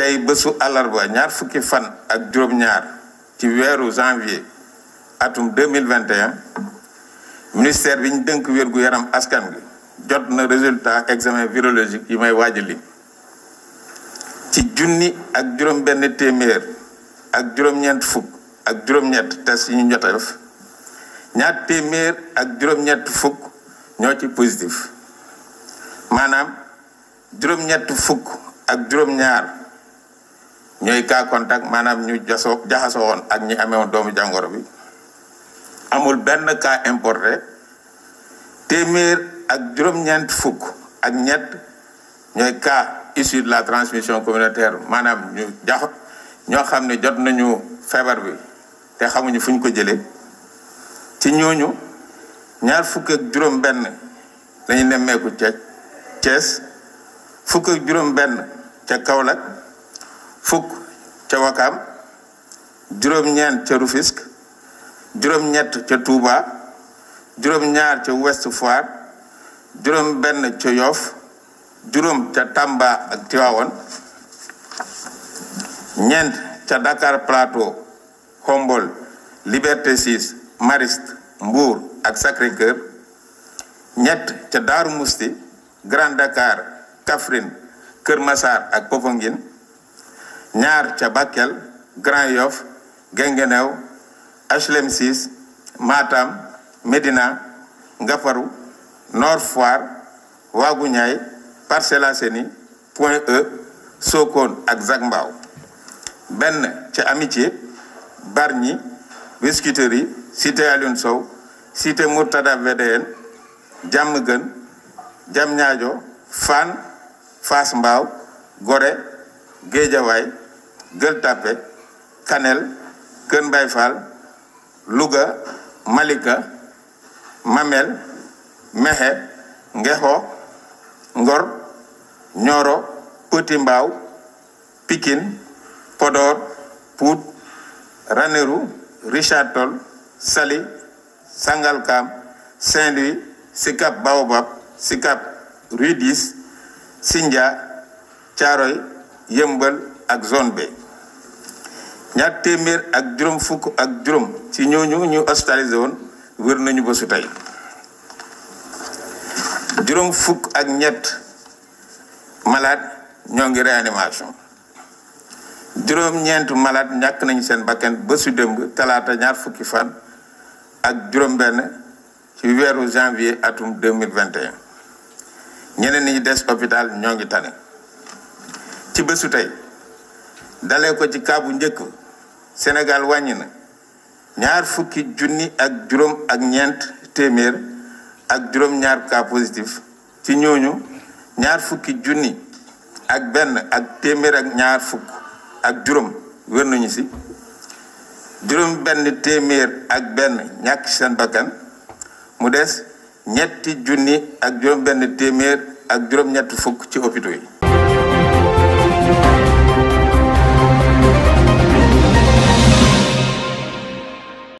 tey bësu àllarba ñaar fukki fan ak juróom-ñaar ci weeru janvier atum 2021 ministère bi dënk wérgu yaram askan gi jot na résultat examen birologique yi may waaju li ci junni ak juróom-benn téeméer ak juróom-ñeent fukk ak juróom-ñett test yi ñu jot a def ñaar téeméer ak juróom-ñett fukk ñoo ci positif maanaam juróom-ñett fukk ak juróom-ñaar. ñooy cas contact maanaam ñu jasoo jaxasoo woon ak ñi amewoon doomu jàngoro bi amul benn cas importé téeméer ak juróom-ñeent fukk ak ñett ñooy cas issu de la transmission communautaire maanaam ñu jax ñoo xam ne jot nañu feebar bi te xamuñu fu ñu ko jëlee ci ñooñu ñaar fukk juróom-benn lañu nemmeeku ca Thiès fukk juróom-benn ca kawlak fukk ca Wakaam juróom-ñeent ca Rufisque juróom-ñett ca Touba juróom-ñaar ca Ouest Foire juróom-benn ca Yoff juróom ca Tamba ak Tivaouane ñeent ca Dakar Plateau Khombole Liberté 6 Mariste Mbour ak sacré ñett ca Daaru Musti Grand Dakar Kaffrine Kër Massar ak Popenguine ñaar ca Bakel Grand Yoff Guinguinéo HLM 6 Matam Médina Ngaparou Nord Foire Ouagou Niayes Parcelles Assainies Point E Sokone ak Zac Mbao benn ca Amitié Bargny Biscuiterie Cité Alioune Sow Cité Mourtada VDN Diamaguène Diamniadio Fann Fass Mbao Gorée Guédiawaye Gueule Tapée Kanel Kër Mbaye Fall Louga Malika Mamel Mexe Ngexo Ngor Nioro Petit Mbao Pikine Podor Pout Ranérou Richard Toll Saly Sangalkam Saint-Louis Sicap Baobab Sicap Rue 10 Sindia Thiaroye Yeumbeul ak zone B ñaar téeméer ak juróom fukk ak juróom ci ñooñu ñu hospitalisé woon wér nañu ba su tey juróom fukk ak ñett malaat ñoo ngi réanimation juróom-ñeent malade ñàkk nañu seen bakkan ba su démb talaata ñaar fukki fan ak juróom-benn ci weeru janvier atum 2021 ñeneen ñi des hôpital ñoo ngi tane ci bésu tey dalee ko ci kaabu njëkk Sénégal wàññi na ñaar fukki junni ak juróom ak ñeent téeméer ak juróom-ñaar cas positif ci ñooñu ñaar fukki junni ak benn ak téeméer ak ñaar fukk ak juróom wér nañu si juróom benn téeméer ak benn ñàkk seen bakkan mu des ñetti junni ak juróom benn téeméer ak juróom-ñetti fukk ci hôpitaux yi